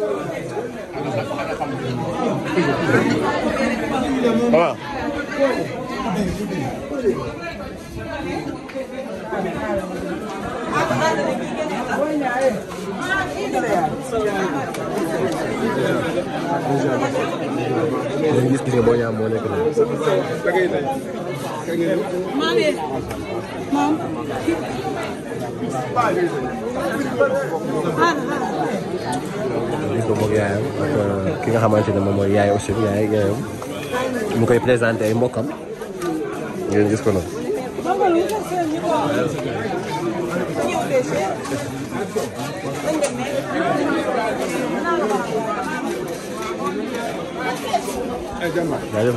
waaw. gis-gis nga boo ñaam moo nekk maam yee maam ñu ko moog yaayam ak uh, ki nga xamante ne moom mooy yaay aussi yaay yaayam mu koy présenté ay mbokkam ngeen gis ko noonu jaajëf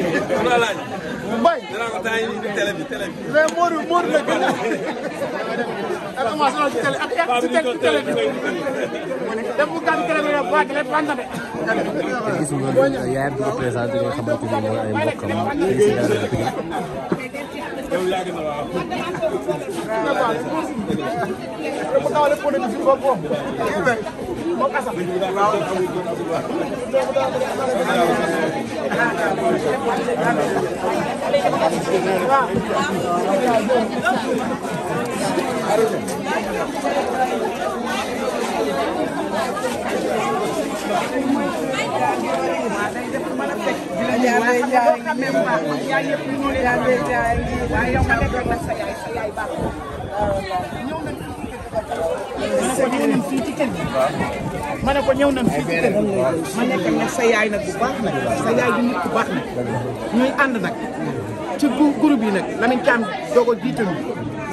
am naa laaj. Mbaye dinaa ko taay télé bi télé bi. mais Modou Modou la gën a. da commencé woon ci télé ak ak ci télé bi. dem bu gàtt télé bi rek bu àggale bànn de. gis nga loolu yaayam di ko présenté nga xamante ni mooy ay mbokkam yi si daal di ko. moom asam waaw ko ñëw nañ fii ci kër gi. ma ne ko ñëw nañ fii ci kër gi. ma nekk nag sa yaay nag bu baax nag sa yaay bu nit bu baax nag ñuy ànd nag ci groupe yi nag la nañ ci am doog a jiitalu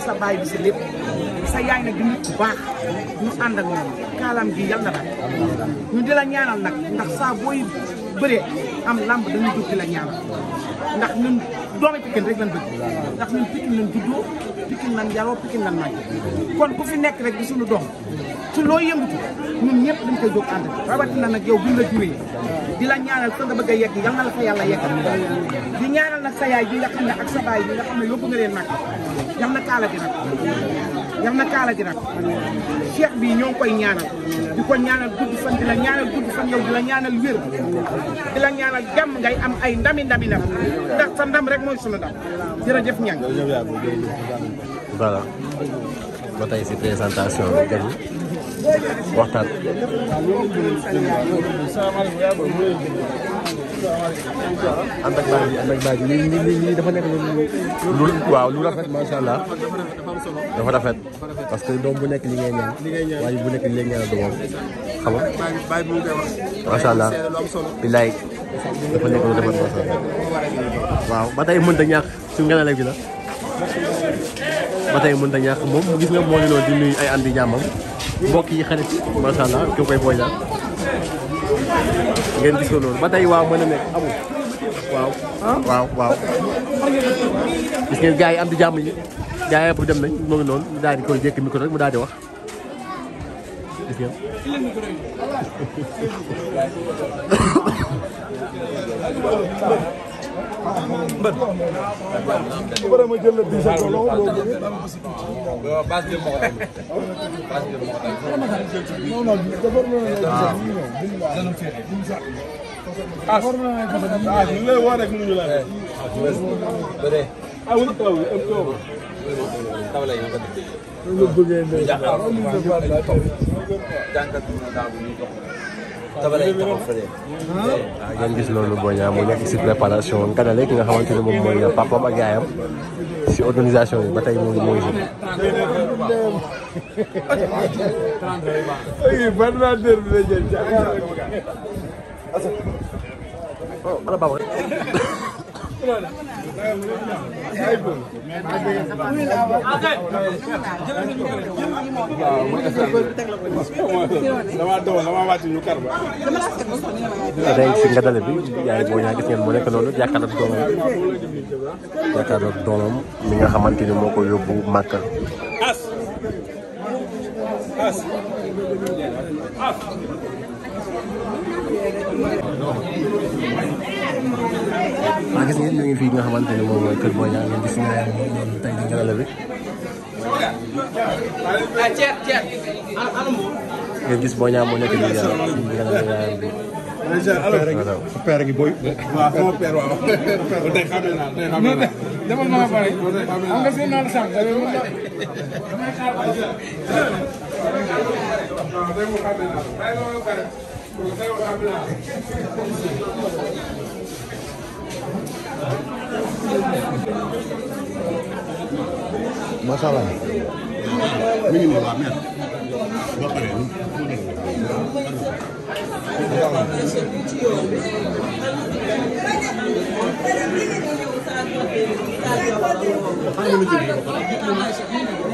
sa baay bi si lépp sa yaay nag di nit bu baax ñu ànd ak moom kaalam gi yal na nag ñu di la ñaanal nag ndax saa booy bëree am làmb dañuy dugg di la ñaanal ndax ñun doomi Pikine rek lañ bëgg ndax ñun Pikine lañ juddoo Pikine nan yaroo Pikine nan màgg kon ku fi nekk rek di suñu doom su loo yëngatu ñun ñëpp dañ ko jóg ànd rawatina nag yow buñ la juree di la ñaanal fa nga bëgg a yegg yal na la fa yàlla yeggal di ñaanal nag sa yaay bi nga xam ne ak sa baay bi nga xam ne yóbbu nga leen màgg yal na kaala gi nag yam na kaala ji nag cheikh bi ñoo koy ñaanal di ko ñaanal gudd fan di la ñaanal gudd fan wér di la ñaanal jàmm ngay am ay ndami ndami ndam ndax sa ndam rek mooy sunu ndam jërëjëf ñang voilà ba tey si présentation bi gën ànd ak baay bi ànd ak baay bi lii lii lii dafa nekk lu waaw lu rafet macha allah dafa rafet parce que doom bu nekk li ngay ñaan waaye bu nekk li ngay ñaan doomam xam nga macha allah billaay dafa nekk lu rafet macha allah waaw ba tey mënta ñàkk suñu ngelaw gi la ba tey mënta ñàkk moom gis nga moo ngi noonu di nuyu ay andi jàmmam mbokk yi xarit macha allah ki koy booy daal ngeen gis ko loolu ba waaw mën a nekk amul waaw. waaw waaw. gis ngeen gars yi am di jàmm yi gars yi pour dem nañ moo ngi noonu mu daal di koy wax mbër. bu paree ma jël la bii sa tool lool lool bëggee. base bi moo ko tànn base bi moo ko tànn. non non defar naa la. waaw as as li lay woo rek mënuñu la def. bëree. ah wuñu taw bi am taw. taw la yëngu. loolu bëggee ndey. jàngat bi mu ne daal bu ñuy jox. ngeen gis loolu boo ñaa mu nekk si préparation Kanele ki nga xamante ne moom mooy papaam ak yaayam si organisation bi ba tey mu ngi mu ngi si. waaw mooy damaa si nga dale bi yaay boo ñaa gis ngeen nekk noonu jàkkaarloog doomam jàkkaarloog doomam mi nga xamante ni moo ko yóbbu Màkka. as waaw gis ngeen ñu ngi fi nga xamante ne moom mooy kër Boy Niang ngeen gis nga ñoom tey di ngelaw bi. ngeen gis Boy Niang moo nekk di ngelaw bi. père gi booy. waaw sama père waaw. tey xamee naa tey xamee naa. dama maa pare xam nga seen naan sànq damay xaar ba tey. macha allah. mi ngi nii waa mère. ba pare. waaw.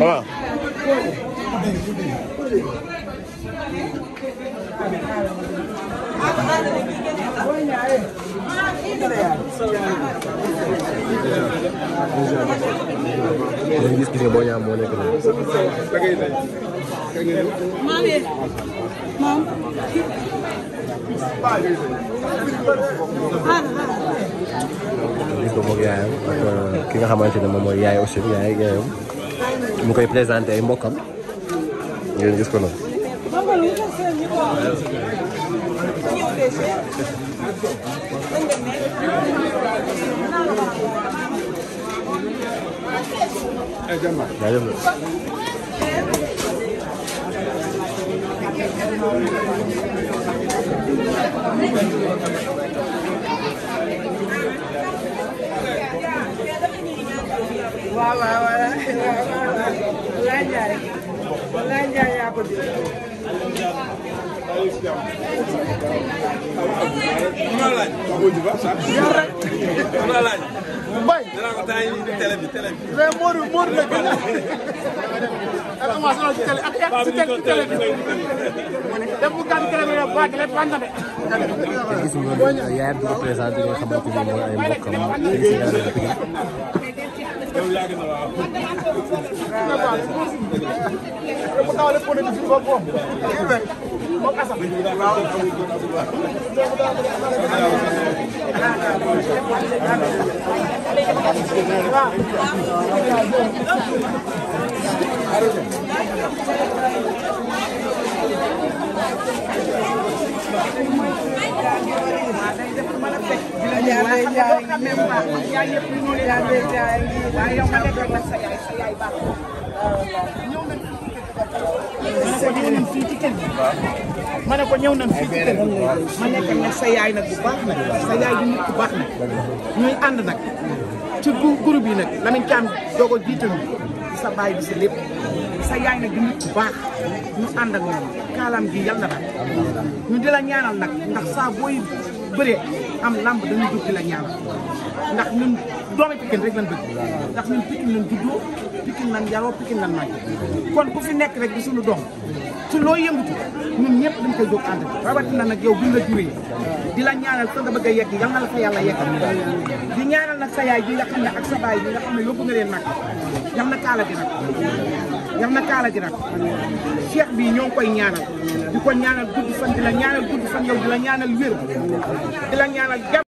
waaw. léegi gis-gis boo ñaam moo nekk nii. moom. gis nga moom yaayam ak ki nga xamante ne moom mooy yaay aussi yaay yaayam mu koy présenté ay mbokkam ngeen gis ko noonu. Mama luta sen ni ba. Ni o de se. Ende me. Eh jama. Ya jama. Wah wah wah, belanja, belanja ya aku dulu. Mbaye. dinaa ko temps yii télé bi télé bi. mais Modou Modou la gën a. dafa commencé woon ci télé ak ak ci télé bi. dem bu gàtt télé bi rek waa télé fan na de. gis nga yaayam di représenté li nga xamante ni mooy ay mbokkam loolu yàgg na waaw. bu tawalee politique bi foofu moom. moom asam. waaw. Arrêtez. ma ne ko ma nekk nag sa yaay nag bu baax nag sa yaay di baax nag ñuy ànd nag ci groupe yi nag la Thiam doog a jiital sa baay bi si lépp sa yaay nag di nit bu baax ñu ànd ak moom kaalam gi yàlla na ñu di la ñaanal nag ndax saa booy bëree am da dañuy jóg di la ñaanal ndax ñun doomi Pikine rek lañ bëgg ndax ñun Pikine lañ juddoo Pikine lañ yaroo Pikine lañ màgg kon ku fi nekk rek di sunu doom su loo yëngatu ñun ñëpp dañ koy jóg ànd rawatina nag yow buñ la juree di la ñaanal fa nga bëgg a la yàlla yeggal di ñaanal nag sa ak sa baay bi nga xam ne yóbbu nga leen nag yal na kaala gi nag yal na kaala ji nag bi ñoo koy ñaanal di ko ñaanal gudd fan di la ñaanal gudd fan yow di la ñaanal wér di la ñaanal